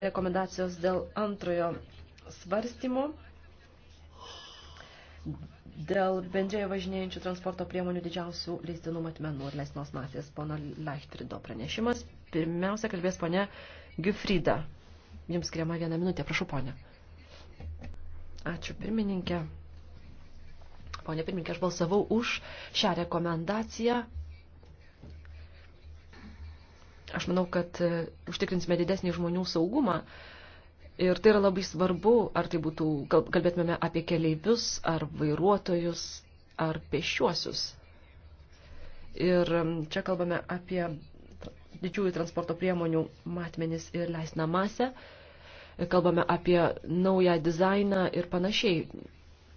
rekomendacijos dėl antrojo svarstymo, dėl bendrėjo važinėjančių transporto priemonių didžiausių leistinų matmenų ir leisnos masės pono Leichtrido pranešimas. Pirmiausia kalbės ponė Gifrida. Jums skiriama vieną minutę, prašau ponė. Ačiū pirmininkė. Ponė pirmininkė, aš balsavau už šią rekomendaciją Aš manau, kad e, užtikrinsime didesnį žmonių saugumą. Ir tai yra labai svarbu, ar tai būtų, kalbėtume apie keleivius, ar vairuotojus, ar pešiuosius. Ir čia kalbame apie didžiųjų transporto priemonių matmenis ir leisną masę. Kalbame apie naują dizainą ir panašiai.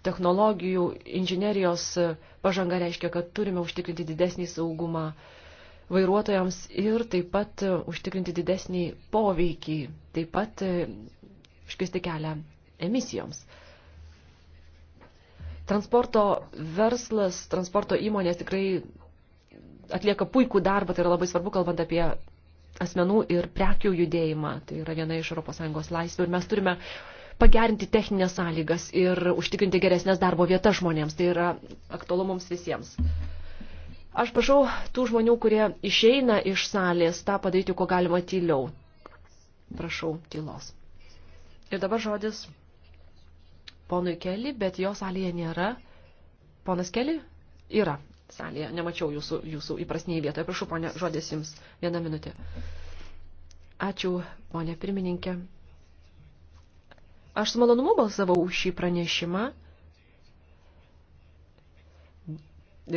Technologijų, inžinerijos e, pažanga reiškia, kad turime užtikrinti didesnį saugumą uh, vairuotojams ir taip pat e, užtikrinti didesnį poveikį, taip pat iškisti e, kelią emisijoms. Transporto verslas, transporto įmonės tikrai atlieka puikų darbą, tai yra labai svarbu, kalbant apie asmenų ir prekių judėjimą. Tai yra viena iš ES laisvių ir mes turime pagerinti techninės sąlygas ir užtikrinti geresnės darbo vietas žmonėms. Tai yra aktualu mums visiems. Aš prašau tų žmonių, kurie išeina iš salės, tą padaryti, ko galima tyliau. Prašau tylos. Ir dabar žodis ponui Keli, bet jo salėje nėra. Ponas Keli yra salėje. Nemačiau jūsų, jūsų įprasnėje vietoje. Prašau, ponė, žodis jums. Vieną minutę. Ačiū, ponė pirmininkė. Aš su malonumu balsavau už šį pranešimą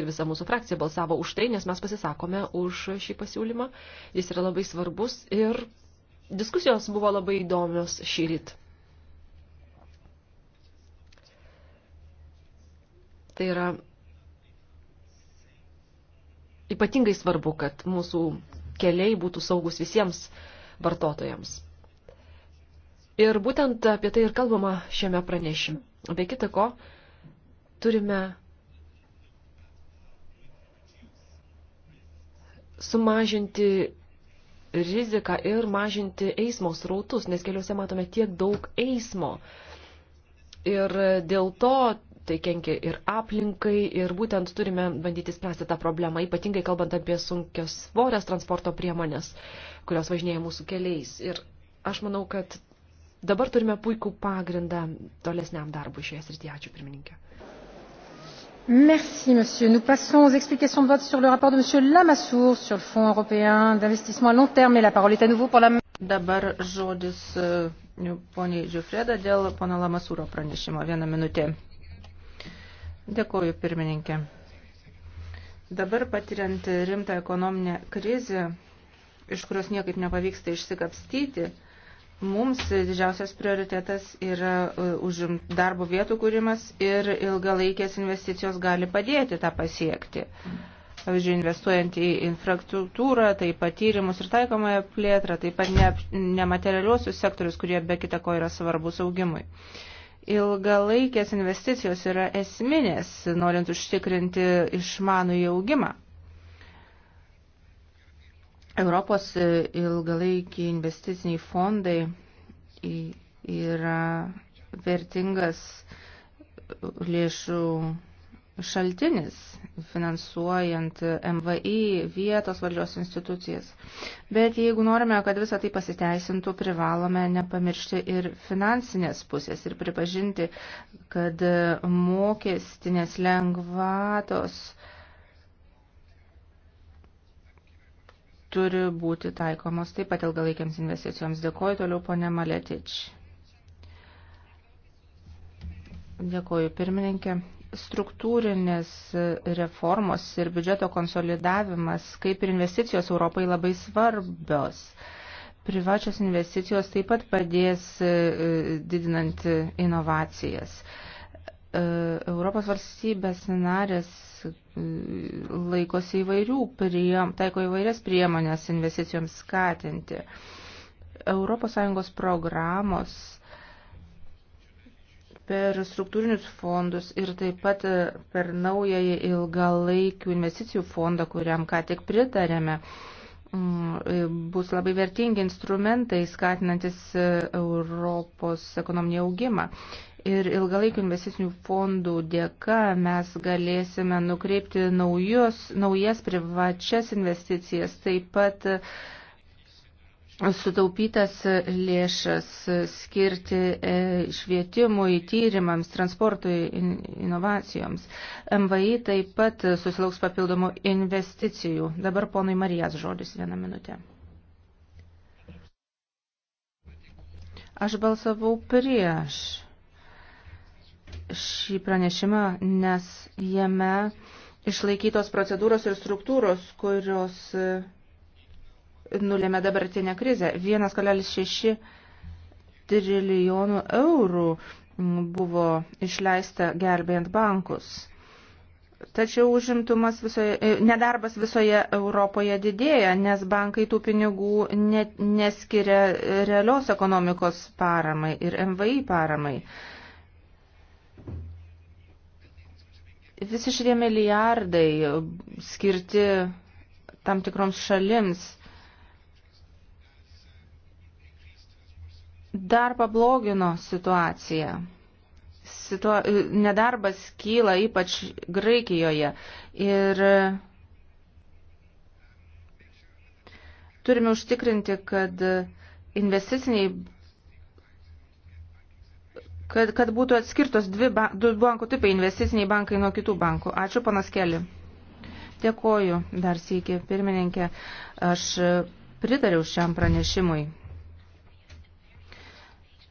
ir visa mūsų frakcija balsavo už tai, nes mes pasisakome už šį pasiūlymą. Jis yra labai svarbus ir diskusijos buvo labai įdomios šį ryt. Tai yra ypatingai svarbu, kad mūsų keliai būtų saugus visiems vartotojams. Ir būtent apie tai ir kalbama šiame pranešime. Be kita ko, turime sumažinti riziką ir mažinti eismo srautus, nes keliuose matome tiek daug eismo. Ir dėl to tai kenkia ir aplinkai, ir būtent turime bandyti spręsti tą problemą, ypatingai kalbant apie sunkios svorės transporto priemonės, kurios važinėja mūsų keliais. Ir aš manau, kad dabar turime puikų pagrindą tolesniam darbui šioje srityje. Ačiū, pirmininkė. Merci, monsieur. Nous passons aux explications de vote sur le rapport de monsieur Lamassoure sur le Fonds européen d'investissement à long terme. Et la parole est à nouveau pour la. Dabar žodis e, poniai Žiufreda dėl pono Lamasūro pranešimo. Vieną minutę. Dėkuoju, pirmininkė. Dabar patiriant rimtą ekonominę krizę, iš kurios niekaip nepavyksta išsikapstyti, Mums didžiausias prioritetas yra e, užim darbo vietų kūrimas ir ilgalaikės investicijos gali padėti tą pasiekti. Pavyzdžiui, investuojant į infrastruktūrą, taip pat tyrimus ir taikomąją plėtrą, taip pat ne, nematerialiuosius sektorius, kurie be kita ko yra svarbus augimui. Ilgalaikės investicijos yra esminės, norint užtikrinti išmanų į augimą. Europos e, ilgalaikiai investiciniai fondai yra vertingas lėšų šaltinis finansuojant MVI vietos valdžios institucijas. Bet jeigu norime, kad visą tai pasiteisintų, privalome nepamiršti ir finansinės pusės ir pripažinti, kad mokestinės lengvatos uh, turi būti taikomos taip pat ilgalaikiams investicijoms. Dėkoju toliau ponė Maletič. Dėkoju pirmininkė. Struktūrinės reformos ir biudžeto konsolidavimas, kaip ir investicijos Europai, labai svarbios. Privačios investicijos taip pat padės e, e, didinant inovacijas. Europos valstybės narės e, laikosi įvairių, prie, taiko įvairias priemonės investicijoms skatinti. ES programos per struktūrinius fondus ir taip pat e, per naująjį ilgalaikių investicijų fondą, kuriam ką tik pritarėme, mm, e, bus labai vertingi instrumentai skatinantis Europos ekonominį augimą ir ilgalaikių investicinių fondų dėka mes galėsime nukreipti naujus, naujas privačias investicijas, taip pat sutaupytas lėšas skirti e, švietimui, tyrimams, transportui, inovacijoms. MVI taip pat susilauks papildomų investicijų. Dabar ponui Marijas žodis vieną minutę. Aš balsavau prieš šį pranešimą, nes jame išlaikytos procedūros ir struktūros, kurios e, nulėmė dabartinę krizę. 1,6 trilijonų eurų buvo išleista gelbėjant bankus. Tačiau užimtumas visoje, e, nedarbas visoje Europoje didėja, nes bankai tų pinigų net neskiria realios ekonomikos paramai ir MVI paramai. Visi šitie milijardai skirti tam tikroms šalims dar pablogino situaciją. Situa nedarbas kyla ypač Graikijoje ir turime užtikrinti, kad investiciniai kad, kad būtų atskirtos dvi ban, du bankų tipai, investiciniai bankai nuo kitų bankų. Ačiū, panas Keli. Dėkoju dar sėki, pirmininkė. Aš pritariau šiam pranešimui.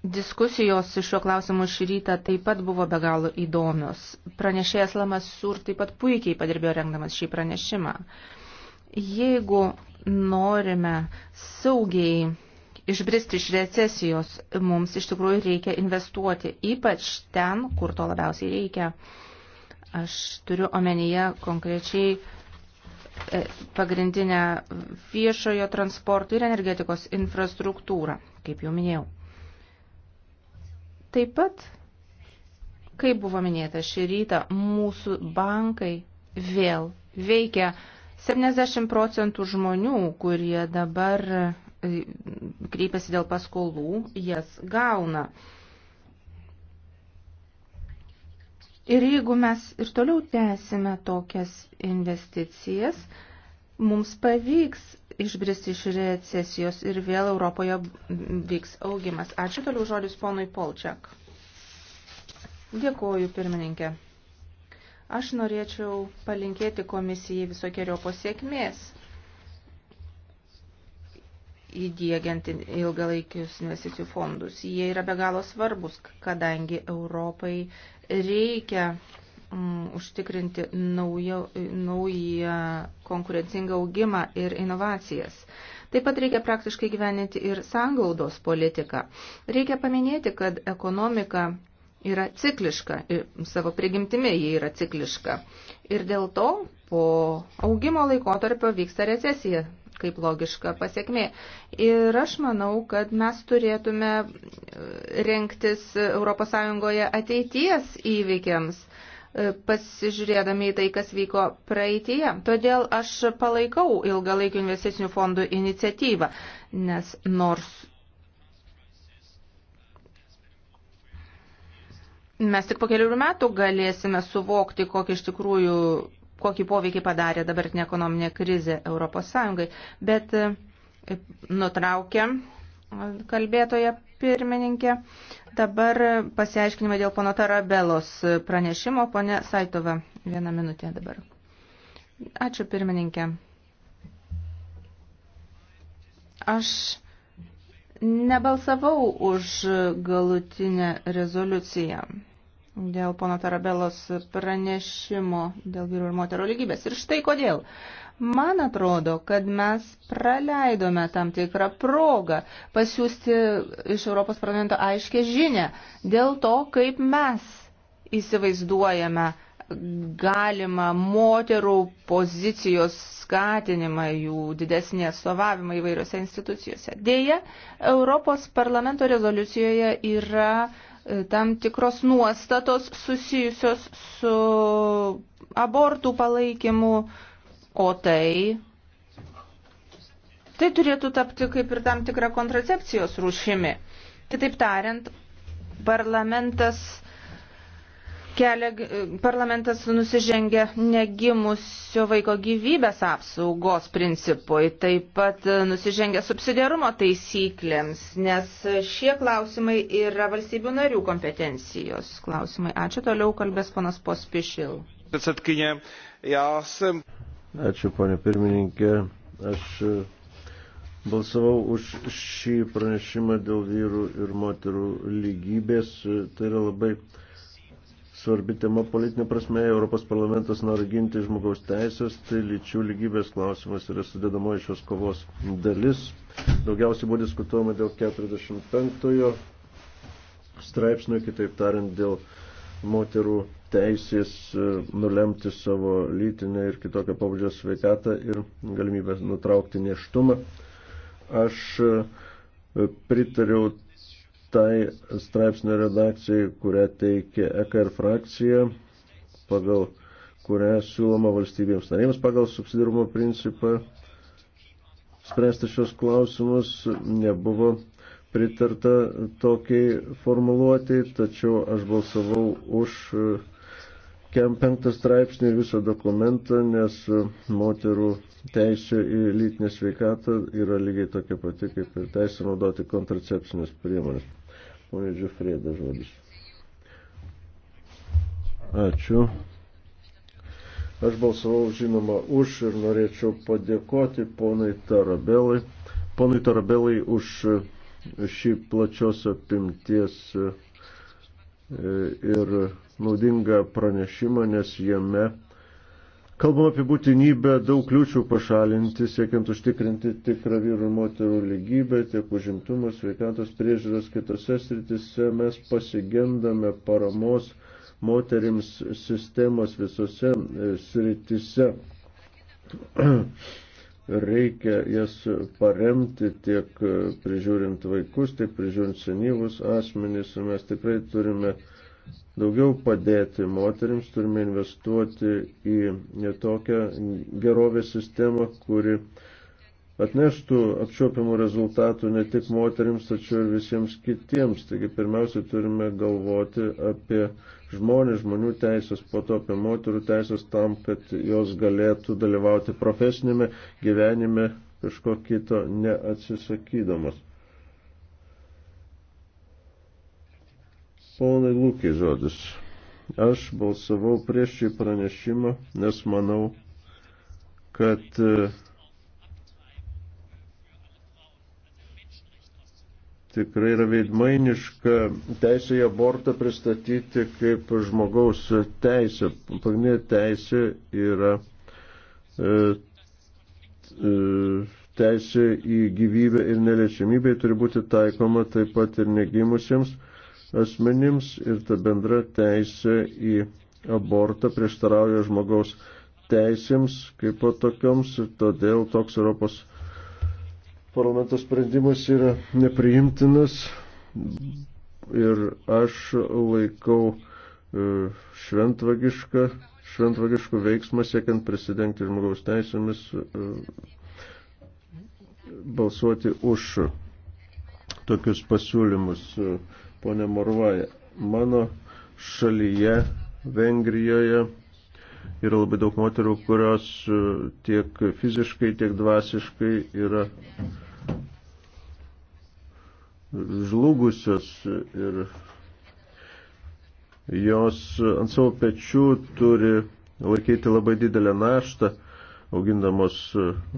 Diskusijos šiuo klausimu šį rytą taip pat buvo be galo įdomios. Pranešėjas Lamas Sur taip pat puikiai padirbėjo rengdamas šį pranešimą. Jeigu norime saugiai išbristi iš recesijos, mums iš tikrųjų reikia investuoti, ypač ten, kur to labiausiai reikia. Aš turiu omenyje konkrečiai e, pagrindinę viešojo transporto ir energetikos infrastruktūrą, kaip jau minėjau. Taip pat, kaip buvo minėta šį rytą, mūsų bankai vėl veikia 70 procentų žmonių, kurie dabar E, kreipiasi dėl paskolų, jas gauna. Ir jeigu mes ir toliau tęsime tokias investicijas, mums pavyks išbristi iš recesijos ir vėl Europoje vyks augimas. Ačiū toliau žodis ponui Polčiak. Dėkuoju, pirmininkė. Aš norėčiau palinkėti komisijai visokiojo pasiekmės įdėgiant ilgalaikius investicijų fondus. Jie yra be galo svarbus, kadangi Europai reikia mm, užtikrinti naują, naują konkurencingą augimą ir inovacijas. Taip pat reikia praktiškai gyveninti ir sangaudos politiką. Reikia paminėti, kad ekonomika yra cikliška, savo prigimtimi jie yra cikliška. Ir dėl to po augimo laikotarpio vyksta recesija kaip logiška pasiekmė. Ir aš manau, kad mes turėtume e, renktis ES ateities įvykiams, e, pasižiūrėdami į tai, kas vyko praeitie. Todėl aš palaikau ilgalaikių investicinių fondų iniciatyvą, nes nors mes tik po kelių metų galėsime suvokti, kokia iš tikrųjų kokį poveikį padarė dabartinė ekonominė krizė ES, bet e, nutraukė e, kalbėtoje pirmininkė. Dabar pasiaiškinimai dėl pono Tarabelos pranešimo. Pone Saitova, vieną minutę dabar. Ačiū pirmininkė. Aš nebalsavau už galutinę rezoliuciją dėl pono Tarabelos pranešimo dėl vyrų ir moterų lygybės. Ir štai kodėl. Man atrodo, kad mes praleidome tam tikrą progą pasiūsti iš Europos parlamento aiškę žinę dėl to, kaip mes įsivaizduojame galima moterų pozicijos skatinimą, jų didesnį atstovavimą įvairiose institucijose. Deja, Europos parlamento rezoliucijoje yra uh, tam tikros nuostatos susijusios su abortų palaikymu, o tai. Tai turėtų tapti kaip ir tam tikra kontracepcijos rūšimi. Kitaip tariant, parlamentas kelia, parlamentas nusižengia negimusio vaiko gyvybės apsaugos principui, taip pat nusižengia subsidiarumo taisyklėms, nes šie klausimai yra valstybių narių kompetencijos klausimai. Ačiū, toliau kalbės panas Pospišil. Ačiū, ponė pirmininkė. Aš e, Balsavau už šį pranešimą dėl vyrų ir moterų lygybės. E, tai yra labai svarbi tema politinė prasme. Europos parlamentas nori ginti žmogaus teisės, tai lyčių lygybės klausimas yra sudėdamoji šios kovos dalis. Daugiausiai buvo diskutuojama dėl 45 straipsnio, kitaip tariant, dėl moterų teisės e, nulemti savo lytinę ir kitokią pabudžio sveikatą ir galimybę nutraukti neštumą. Aš e, pritariau tai straipsnio redakcijai, kurią teikia EKR frakcija, pagal kurią siūloma valstybėms narėms pagal subsidirumo principą spręsti šios klausimus, nebuvo pritarta tokiai formuluotėjai, tačiau aš balsavau už kem penktą straipsnį visą dokumentą, nes moterų teisė į lytinę sveikatą yra lygiai tokia pati kaip ir teisė naudoti kontracepcinės priemonės. Pone Džiufrėda žodis. Ačiū. Aš balsavau, žinoma, už ir norėčiau padėkoti ponai Tarabelai, ponai Tarabelai už šį plačios apimties e, ir naudingą pranešimą, nes jame Kalbam apie būtinybę daug kliūčių pašalinti, siekiant užtikrinti tikrą vyrų ir moterų lygybę, tiek užimtumo, sveikatos priežiūros kitose sritise. Mes pasigendame paramos moterims sistemos visose e, sritise. Reikia jas paremti tiek e, prižiūrint vaikus, tiek prižiūrint senyvus asmenys ir mes tikrai turime uh, daugiau padėti moteriams, turime investuoti į tokią gerovės sistemą, kuri atneštų apčiopiamų rezultatų ne tik moteriams, tačiau ir visiems kitiems. Taigi pirmiausia, turime galvoti apie žmonės, žmonių teisės, po to apie moterų teisės tam, kad jos galėtų dalyvauti profesinėme gyvenime kažko kito neatsisakydamas. Ponai Lūkiai žodis. Aš balsavau prieš šį pranešimą, nes manau, kad e, tikrai yra veidmainiška teisė į abortą pristatyti kaip žmogaus teisė. Pagrindinė teisė yra e, e teisė į gyvybę ir neliečiamybę turi būti taikoma taip pat ir negimusiems asmenims ir ta bendra teisė į abortą prieštarauja žmogaus teisėms kaip po tokioms ir todėl toks Europos parlamento sprendimas yra nepriimtinas ir aš laikau e, šventvagišką, šventvagiškų veiksmą siekiant prisidengti žmogaus teisėmis e, balsuoti už tokius pasiūlymus ponė Morvaja. Mano šalyje, Vengrijoje, yra labai daug moterų, kurios e, tiek fiziškai, tiek dvasiškai yra žlugusios ir jos ant savo pečių turi laikyti labai didelę naštą, augindamos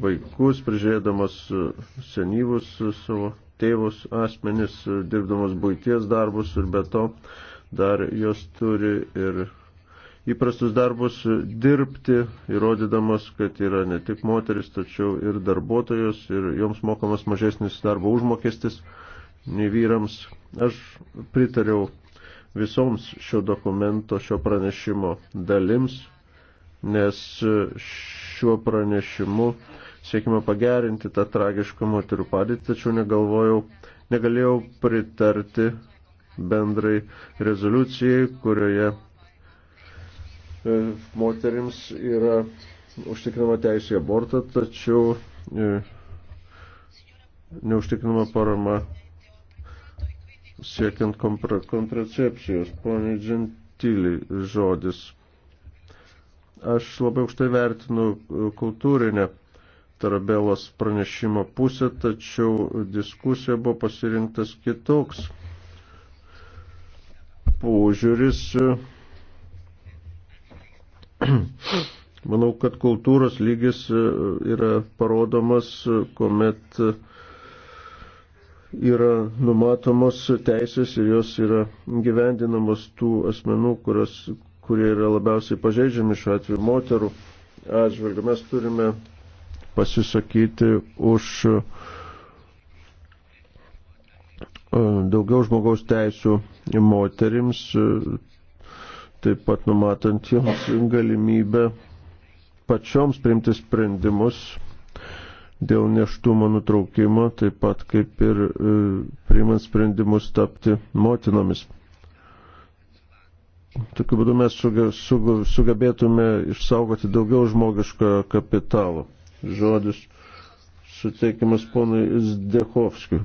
vaikus, prižiūrėdamos senyvus savo aktyvus asmenys, dirbdamas būties darbus ir be to dar jos turi ir įprastus darbus dirbti, įrodydamas, kad yra ne tik moteris, tačiau ir darbuotojos ir joms mokamas mažesnis darbo užmokestis nei vyrams. Aš pritariau visoms šio dokumento, šio pranešimo dalims, nes šiuo pranešimu siekime pagerinti tą tragišką moterų padėtį, tačiau negalvojau, negalėjau pritarti bendrai rezoliucijai, kurioje e, moterims yra užtikrinama teisė į abortą, tačiau e, neužtikrinama parama siekiant kontra kontracepcijos. Pone Gentili, žodis. Aš labai aukštai vertinu kultūrinę Tarabelos pranešimo pusę, tačiau diskusija buvo pasirinktas kitoks požiūris. Manau, kad kultūros lygis yra parodomas, kuomet yra numatomos teisės ir jos yra gyvendinamos tų asmenų, kurios, kurie yra labiausiai pažeidžiami šiuo atveju moterų atžvilgiu. Mes turime pasisakyti už e, daugiau žmogaus teisų moterims, e, taip pat numatant joms galimybę pačioms priimti sprendimus dėl neštumo nutraukimo, taip pat kaip ir e, priimant sprendimus tapti motinomis. Tokiu būdu mes sugebėtume išsaugoti daugiau žmogiškojo kapitalo žodis suteikiamas ponui Zdekovskiu.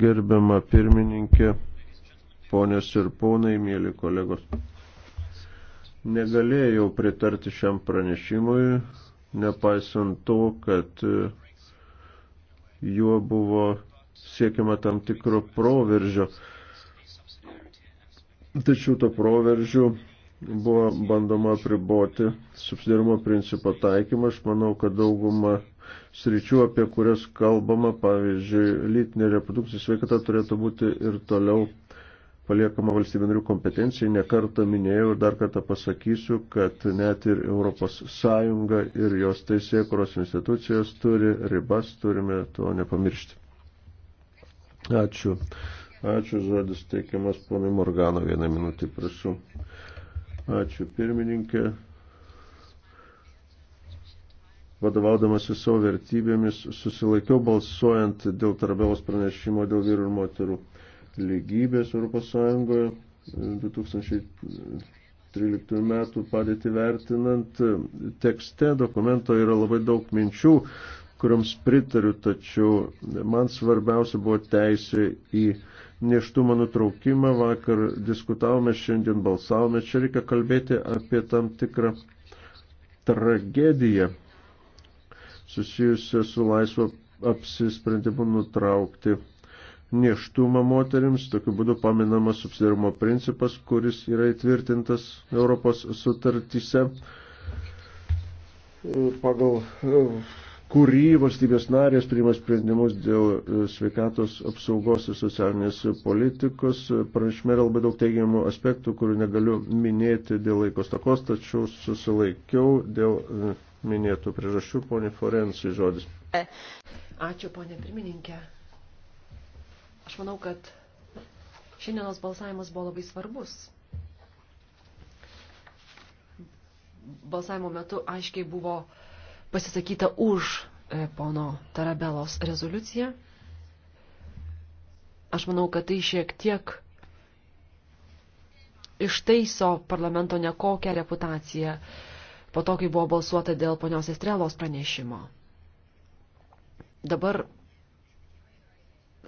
Gerbiama pirmininkė, ponės ir ponai, mėly kolegos. Negalėjau pritarti šiam pranešimui, nepaisant to, kad e, juo buvo siekiama tam tikro proveržio. Tačiau to proveržio buvo bandoma priboti subsidiarumo principo taikymą. Aš manau, kad dauguma sričių, apie kurias kalbama, pavyzdžiui, lytinė reprodukcija sveikata turėtų būti ir toliau paliekama valstybinarių kompetencijai. Nekartą minėjau ir dar kartą pasakysiu, kad net ir Europos Sąjunga ir jos teisėkuros institucijos turi ribas, turime to nepamiršti. Ačiū. Ačiū, žodis teikiamas ponui Morgano, vieną minutį prašau. Ačiū pirmininkė. Vadovaudamas į savo vertybėmis susilaikiau balsuojant dėl Tarabėlos pranešimo dėl vyrų ir moterų lygybės Europos Sąjungoje 2013 e, metų padėti vertinant. Tekste dokumento yra labai daug minčių, kuriams pritariu, tačiau man svarbiausia buvo teisė į neštumą nutraukimą. Vakar diskutavome, šiandien balsavome. Čia reikia kalbėti apie tam tikrą tragediją susijusią su laisvo apsisprendimu nutraukti neštumą moteriams, tokiu būdu paminamas subsidarumo principas, kuris yra įtvirtintas Europos sutartyse pagal kurį valstybės narės priima sprendimus dėl e, sveikatos apsaugos ir socialinės politikos. Pranešime yra labai daug teigiamų aspektų, kurių negaliu minėti dėl laikos takos, tačiau susilaikiau dėl e, minėtų priežasčių. Pone Forensai, žodis. Ačiū, ponė pirmininkė. Aš manau, kad šiandienos balsavimas buvo labai svarbus. Balsavimo metu aiškiai buvo uh, pasisakyta už e, pono Tarabelos rezoliuciją. Aš manau, kad tai šiek tiek ištaiso parlamento nekokią reputaciją po to, kai buvo balsuota dėl ponios Estrelos pranešimo. Dabar,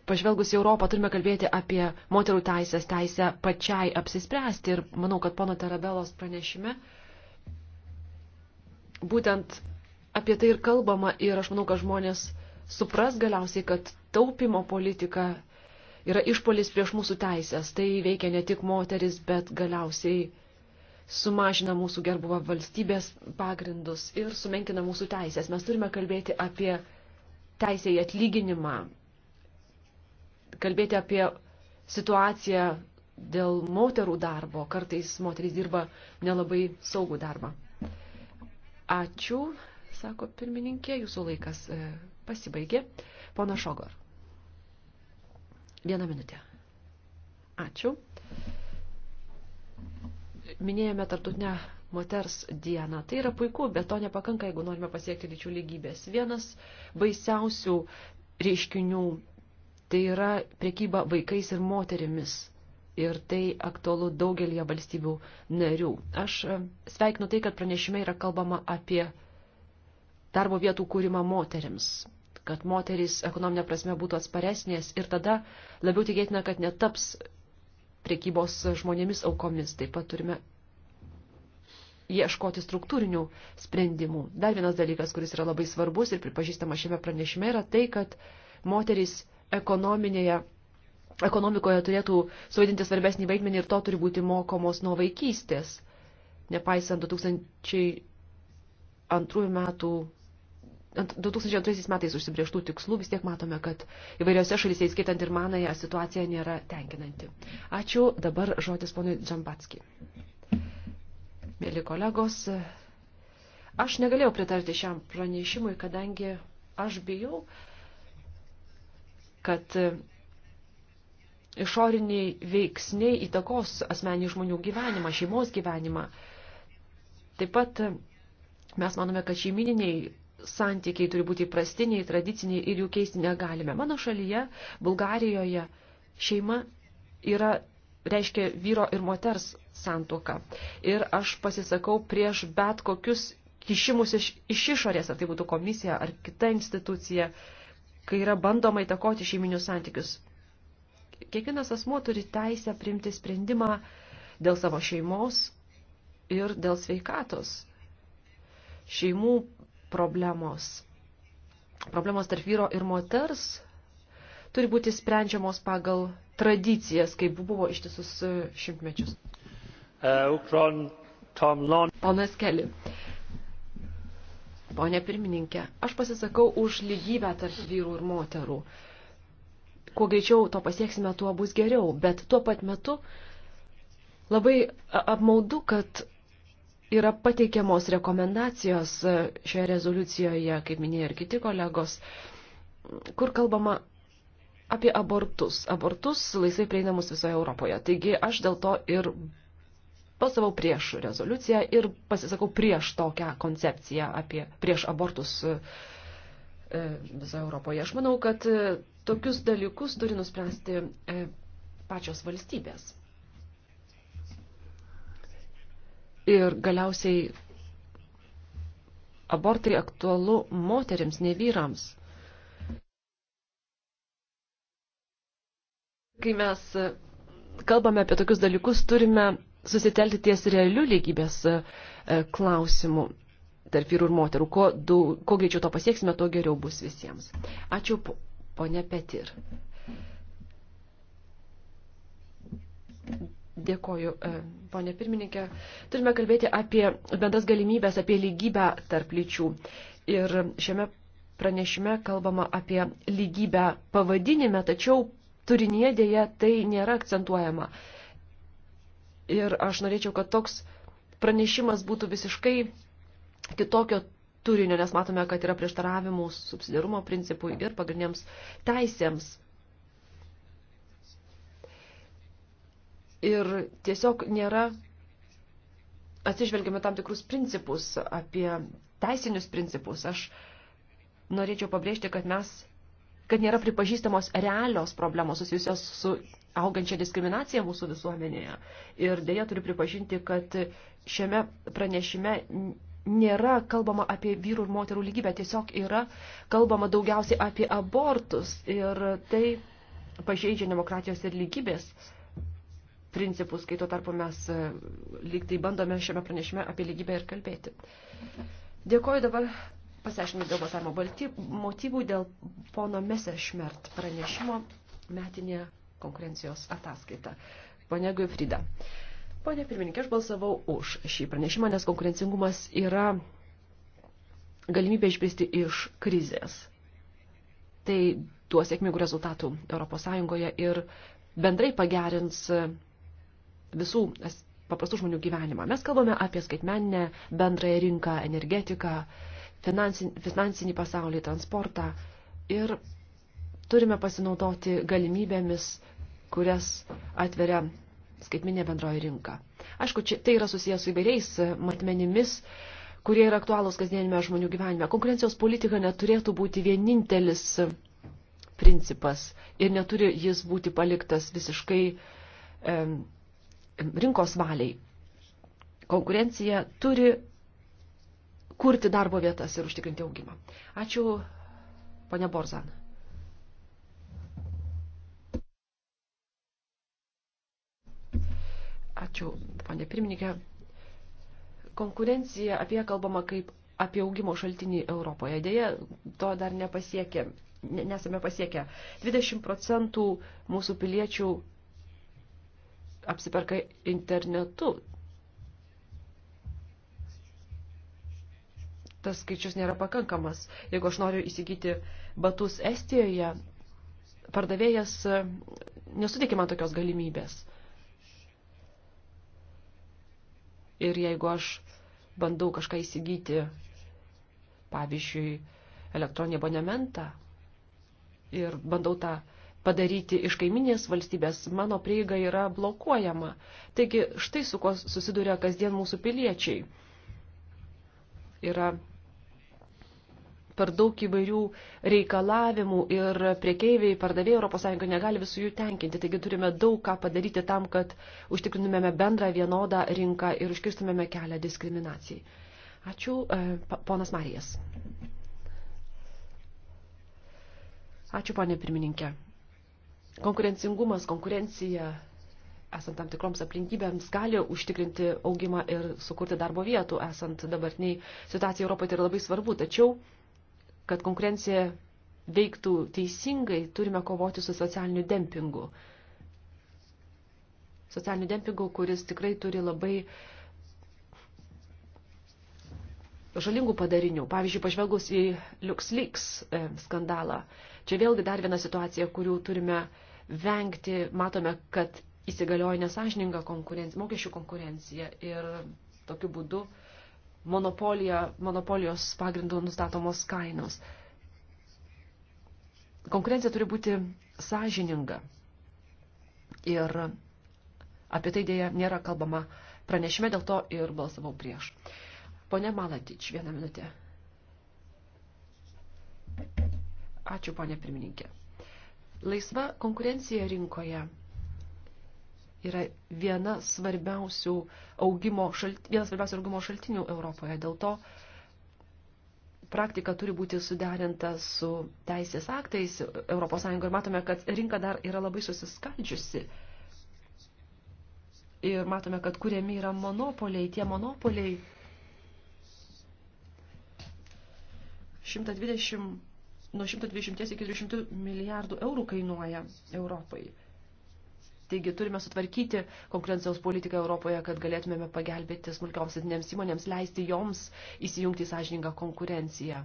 pažvelgus į Europą, turime kalbėti apie moterų teisės teisę pačiai apsispręsti ir manau, kad pono Terabelos pranešime būtent apie tai ir kalbama ir aš manau, kad žmonės supras galiausiai, kad taupimo politika yra išpolis prieš mūsų teisės. Tai veikia ne tik moteris, bet galiausiai sumažina mūsų gerbuvo valstybės pagrindus ir sumenkina mūsų teisės. Mes turime kalbėti apie teisę į atlyginimą, kalbėti apie situaciją dėl moterų darbo. Kartais moteris dirba nelabai saugų darbą. Ačiū sako pirmininkė, jūsų laikas e, pasibaigė. Pona Šogor. Vieną minutę. Ačiū. Minėjome tartutinę moters dieną. Tai yra puiku, bet to nepakanka, jeigu norime pasiekti lyčių lygybės. Vienas baisiausių reiškinių tai yra prekyba vaikais ir moterimis. Ir tai aktualu daugelie valstybių narių. Aš e, sveikinu tai, kad pranešime yra kalbama apie darbo vietų kūrimą moteriams, kad moterys ekonominė prasme būtų atsparesnės ir tada labiau tikėtina, kad netaps priekybos žmonėmis aukomis. Taip pat turime ieškoti struktūrinių sprendimų. Dar vienas dalykas, kuris yra labai svarbus ir pripažįstama šiame pranešime, yra tai, kad moterys ekonominėje ekonomikoje turėtų suvaidinti svarbesnį vaidmenį ir to turi būti mokomos nuo vaikystės. Nepaisant 2002 metų 2002 metais užsibrieštų tikslų vis tiek matome, kad įvairiose šalyse, įskaitant ir manąją, situacija nėra tenkinanti. Ačiū. Dabar žodis ponui Džambatski. Mėly kolegos, aš negalėjau pritarti šiam pranešimui, kadangi aš bijau, kad išoriniai veiksniai įtakos asmenį žmonių gyvenimą, šeimos gyvenimą. Taip pat mes manome, kad šeimininiai santykiai turi būti prastiniai, tradiciniai ir jų keisti negalime. Mano šalyje, Bulgarijoje, šeima yra, reiškia, vyro ir moters santuoka. Ir aš pasisakau prieš bet kokius kišimus iš, iš išorės, ar tai būtų komisija ar kita institucija, kai yra bandoma įtakoti šeiminius santykius. Kiekvienas asmuo turi teisę priimti sprendimą dėl savo šeimos ir dėl sveikatos. Šeimų problemos. Problemos tarp vyro ir moters turi būti sprendžiamos pagal tradicijas, kaip buvo ištisus e, šimtmečius. E, Ponas Keli. Pone pirmininkė, aš pasisakau už lygybę tarp vyrų ir moterų. Kuo greičiau to pasieksime, tuo bus geriau, bet tuo pat metu labai apmaudu, kad yra pateikiamos rekomendacijos e, šioje rezoliucijoje, kaip minėjo ir kiti kolegos, kur kalbama apie abortus. Abortus laisvai prieinamus visoje Europoje. Taigi aš dėl to ir balsavau prieš rezoliuciją ir pasisakau prieš tokią koncepciją apie prieš abortus e, e, visoje Europoje. Aš manau, kad tokius dalykus turi nuspręsti pačios valstybės. Ir galiausiai abortai aktualu moterims, ne vyrams. Kai mes kalbame apie tokius dalykus, turime susitelti ties realių lygybės e, klausimų tarp vyrų ir moterų. Ko, daug, ko greičiau to pasieksime, to geriau bus visiems. Ačiū, ponė Petir. Dėkoju, e, ponė pirmininkė. Turime kalbėti apie bendras galimybės, apie lygybę tarp lyčių. Ir šiame pranešime kalbama apie lygybę pavadinime, tačiau turinėje dėje tai nėra akcentuojama. Ir aš norėčiau, kad toks pranešimas būtų visiškai kitokio turinio, nes matome, kad yra prieštaravimų subsidiarumo principui ir pagrindiniams teisėms ir tiesiog nėra atsižvelgiame tam tikrus principus apie teisinius principus. Aš norėčiau pabrėžti, kad mes kad nėra pripažįstamos realios problemos susijusios su augančia diskriminacija mūsų visuomenėje. Ir dėja turiu pripažinti, kad šiame pranešime nėra kalbama apie vyrų ir moterų lygybę, tiesiog yra kalbama daugiausiai apie abortus ir tai pažeidžia demokratijos ir lygybės principus, kai tuo tarpu mes e, lyg tai bandome šiame pranešime apie lygybę ir kalbėti. Dėkoju dabar pasiaiškinus dėl balsavimo motyvų dėl pono Messerschmert pranešimo metinė konkurencijos ataskaita. Pone Guifrida. Pone pirmininkė, aš balsavau už šį pranešimą, nes konkurencingumas yra galimybė išbristi iš krizės. Tai duos sėkmingų rezultatų ES ir bendrai pagerins visų paprastų žmonių gyvenimą. Mes kalbame apie skaitmeninę bendrąją rinką, energetiką, finansinį, finansinį pasaulį, transportą ir turime pasinaudoti galimybėmis, kurias atveria skaitminė bendroji rinka. Aišku, čia, tai yra susijęs su įvairiais matmenimis, kurie yra aktualūs kasdienime žmonių gyvenime. Konkurencijos politika neturėtų būti vienintelis principas ir neturi jis būti paliktas visiškai e, rinkos valiai. Konkurencija turi kurti darbo vietas ir užtikrinti augimą. Ačiū, ponia Borzan. Ačiū, ponia pirmininkė. Konkurencija apie kalbama kaip apie augimo šaltinį Europoje. Dėja, to dar nepasiekė, nesame pasiekę. 20 procentų mūsų piliečių apsiperka internetu. Tas skaičius nėra pakankamas. Jeigu aš noriu įsigyti batus Estijoje, pardavėjas e, nesuteikia man tokios galimybės. Ir jeigu aš bandau kažką įsigyti, pavyzdžiui, elektroninį abonementą ir bandau tą padaryti iš kaiminės valstybės, mano prieiga yra blokuojama. Taigi štai su ko susiduria kasdien mūsų piliečiai. Yra per daug įvairių reikalavimų ir priekeiviai, pardavėjai ES negali visų jų tenkinti. Taigi turime daug ką padaryti tam, kad užtikrinumėme bendrą vienodą rinką ir užkirstumėme kelią diskriminacijai. Ačiū, e, ponas Marijas. Ačiū, ponė pirmininkė konkurencingumas, konkurencija, esant tam tikroms aplinkybėms, gali užtikrinti augimą ir sukurti darbo vietų, esant dabartiniai situacijai Europoje tai yra labai svarbu. Tačiau, kad konkurencija veiktų teisingai, turime kovoti su socialiniu dempingu. Socialiniu dempingu, kuris tikrai turi labai žalingų padarinių. Pavyzdžiui, pažvelgus į LuxLeaks e, skandalą. Čia vėlgi dar viena situacija, kurių turime uh, vengti, matome, kad įsigalioja nesažininga konkurencija, mokesčių konkurencija ir tokiu būdu monopolijos pagrindų nustatomos kainos. Konkurencija turi būti sąžininga ir apie tai dėja nėra kalbama pranešime, dėl to ir balsavau prieš. Pone Malatič, vieną minutę. Ačiū, ponė pirmininkė. Laisva konkurencija rinkoje yra viena svarbiausių augimo, šalt, vienas svarbiausių augimo šaltinių Europoje. Dėl to praktika turi būti suderinta su teisės aktais ES ir matome, kad rinka dar yra labai susiskaldžiusi. Ir matome, kad kuriami yra monopoliai. Tie monopoliai 120 nuo 120 iki 300 milijardų eurų kainuoja Europai. Taigi turime sutvarkyti konkurencijos politiką Europoje, kad galėtumėme pagelbėti smulkioms didinėms įmonėms, leisti joms įsijungti į sąžiningą konkurenciją.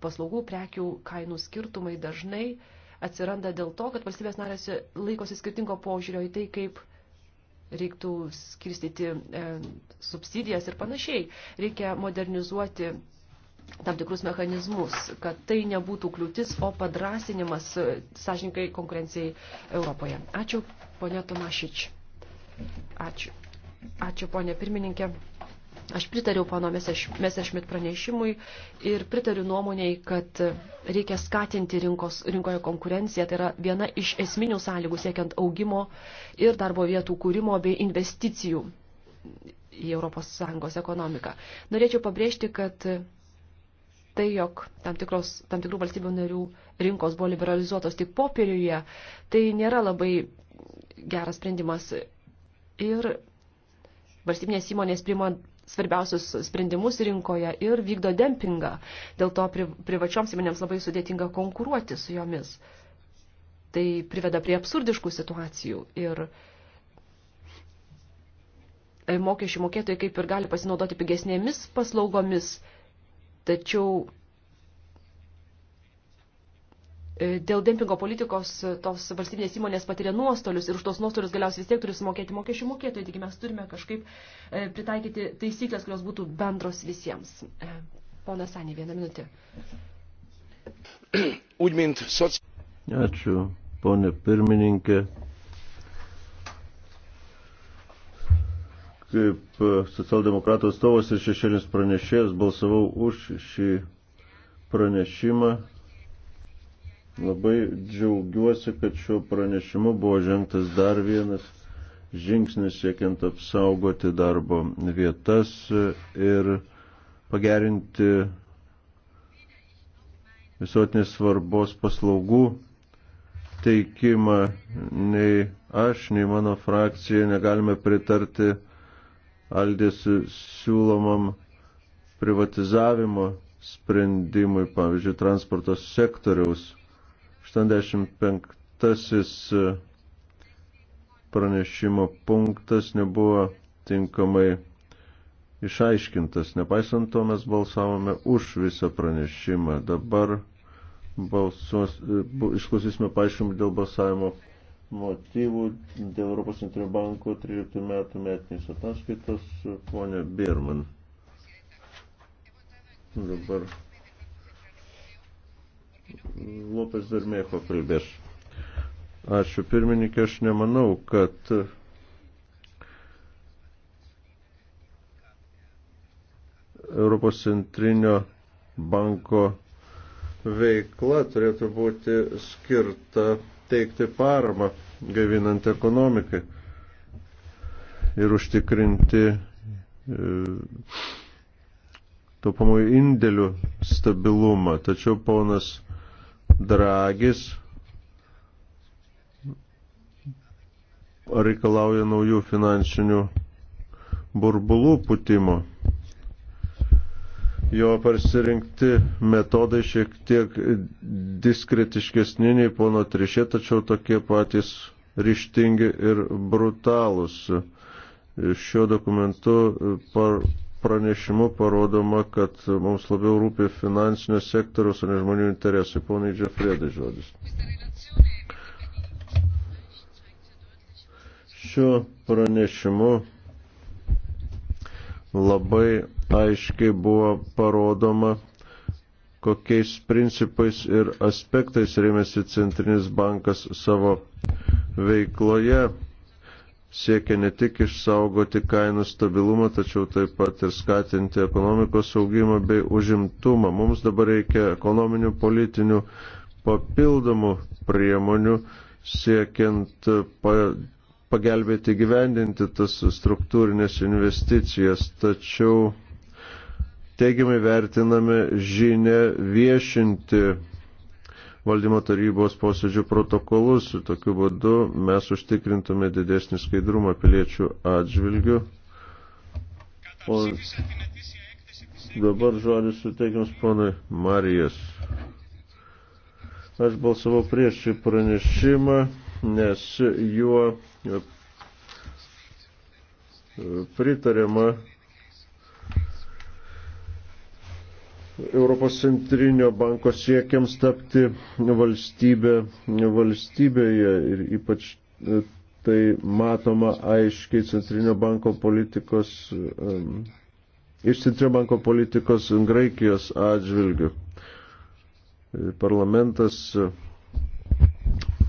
Paslaugų prekių kainų skirtumai dažnai atsiranda dėl to, kad valstybės narės laikosi skirtingo požiūrio į tai, kaip reiktų skirstyti e, subsidijas ir panašiai. Reikia modernizuoti tam tikrus mechanizmus, kad tai nebūtų kliūtis, o padrasinimas e, sąžininkai konkurencijai Europoje. Ačiū, ponė Tomašič. Ačiū. Ačiū, ponė pirmininkė. Aš pritariu pono Messerschmidt pranešimui ir pritariu nuomonėj, kad reikia skatinti rinkos, rinkoje konkurenciją. Tai yra viena iš esminių sąlygų siekiant augimo ir darbo vietų kūrimo bei investicijų į ES ekonomiką. Norėčiau pabrėžti, kad tai, jog tam, tikros, tam tikrų valstybių narių rinkos buvo liberalizuotos tik popieriuje, tai nėra labai geras sprendimas. Ir valstybinės įmonės priima svarbiausius sprendimus rinkoje ir vykdo dempingą. Dėl to pri, privačioms įmonėms labai sudėtinga konkuruoti su jomis. Tai priveda prie absurdiškų situacijų ir e, mokesčių mokėtojai kaip ir gali pasinaudoti pigesnėmis paslaugomis Tačiau e, dėl dempingo politikos e, tos valstybinės įmonės patiria nuostolius ir už tos nuostolius galiausiai vis tiek turi sumokėti mokesčių mokėtojai. Taigi mes turime kažkaip e, pritaikyti taisyklės, kurios būtų bendros visiems. Pona Sanė, vieną minutę. Ačiū, ponė pirmininkė. kaip socialdemokratų atstovas ir šešėlis pranešėjas balsavau už šį pranešimą. Labai džiaugiuosi, kad šiuo pranešimu buvo žengtas dar vienas žingsnis siekiant apsaugoti darbo vietas ir pagerinti visuotinės svarbos paslaugų teikimą. Nei aš, nei mano frakcija negalime pritarti Aldės siūlomam privatizavimo sprendimui, pavyzdžiui, transporto sektoriaus 85-asis e, pranešimo punktas nebuvo tinkamai išaiškintas. Nepaisant to mes balsavome už visą pranešimą. Dabar balsuos, e, išklausysime paaiškinimą dėl balsavimo motyvų dėl Europos centrinio banko 13 metų metinės ataskaitos ponia Birman. Dabar Lopes Darmėko kalbės. Ačiū pirmininkė, aš nemanau, kad Europos centrinio banko veikla turėtų būti skirta teikti paramą gavinant ekonomikai ir užtikrinti e, taupamųjų indėlių stabilumą. Tačiau ponas Dragis reikalauja naujų finansinių burbulų putimo jo pasirinkti metodai šiek tiek diskretiškesni nei pono trišė, tačiau tokie patys ryštingi ir brutalūs. Šiuo dokumentu par pranešimu parodoma, kad mums labiau rūpi finansinio sektoriaus, o ne žmonių interesai. Ponai Džefrėdai žodis. Šiuo pranešimu labai aiškiai buvo parodoma, kokiais principais ir aspektais rėmėsi Centrinis bankas savo veikloje. Siekia ne tik išsaugoti kainų stabilumą, tačiau taip pat ir skatinti ekonomikos augimą bei užimtumą. Mums dabar reikia ekonominių politinių papildomų priemonių siekiant pagelbėti gyvendinti tas struktūrinės investicijas, tačiau teigiamai vertiname žinę viešinti valdymo tarybos posėdžių protokolus. Tokiu būdu mes užtikrintume didesnį skaidrumą piliečių atžvilgių. O dabar žodis suteikiamas ponui Marijas. Aš balsavau prieš šį pranešimą, nes juo pritariama Europos centrinio banko siekiams tapti valstybė, valstybėje ir ypač e, tai matoma aiškiai centrinio banko politikos, iš centrinio banko politikos Graikijos atžvilgių. Parlamentas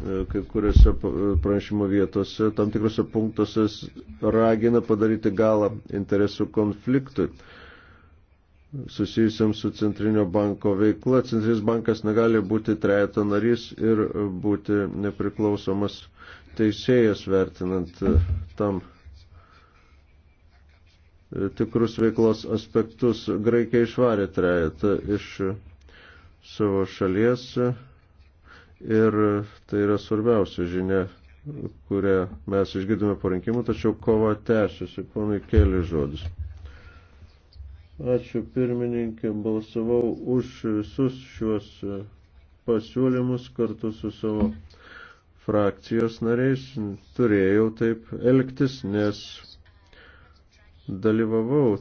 kai kuriuose pranešimo vietose, tam tikrose punktuose ragina padaryti galą interesų konfliktui susijusiam su Centrinio banko veikla. Centrinis bankas negali būti trejato narys ir būti nepriklausomas teisėjas vertinant e, tam e, tikrus veiklos aspektus. Graikija išvarė trejatą iš savo šalies Ir tai yra svarbiausia žinia, kurią mes išgirdome po rinkimų, tačiau kova tęsiasi, ponai keli žodis. Ačiū pirmininkė, balsavau už visus šiuos pasiūlymus kartu su savo frakcijos nariais. Turėjau taip elgtis, nes dalyvavau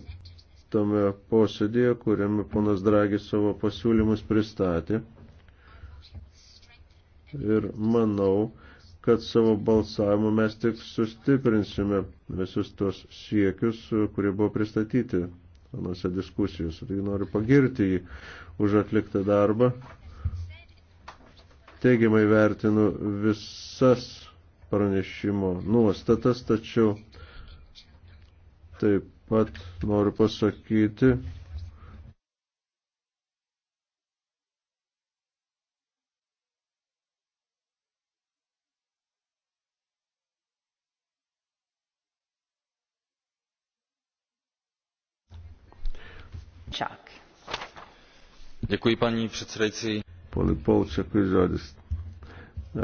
tame posėdėje, kuriame ponas Dragis savo pasiūlymus pristatė ir manau, kad savo balsavimu mes tik sustiprinsime visus tos siekius, kurie buvo pristatyti anose diskusijose. Taigi noriu pagirti jį už atliktą darbą. Teigiamai vertinu visas pranešimo nuostatas, tačiau taip pat noriu pasakyti, Čak. Dėkui, panį předsedající. Ponai Polčiakui žodis.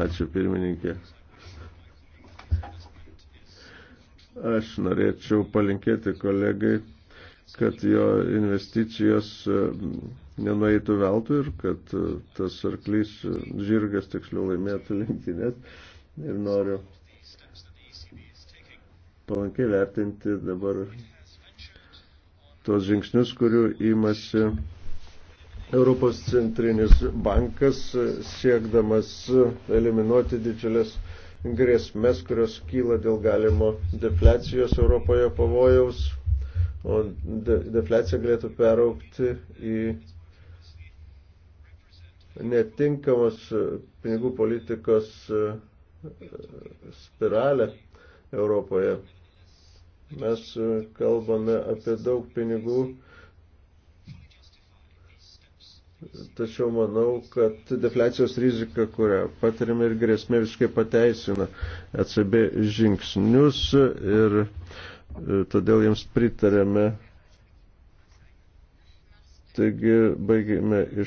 Ačiū pirmininkė. Aš norėčiau palinkėti kolegai, kad jo investicijos ehm, nenueitų veltui ir kad e, tas arklys, e, žirgas tiksliau laimėtų lenktynės. Ir noriu palankiai vertinti dabar tuos žingsnius, kurių įmasi Europos centrinis bankas, siekdamas eliminuoti didžiulės grėsmės, kurios kyla dėl galimo deflecijos Europoje pavojaus, o de deflecija galėtų peraukti į netinkamos pinigų politikos spiralę Europoje. Mes e, kalbame apie daug pinigų, tačiau manau, kad defliacijos rizika, kurią patirime ir grėsmė visiškai pateisina ECB žingsnius ir e, todėl jiems pritarėme. Taigi baigėme iš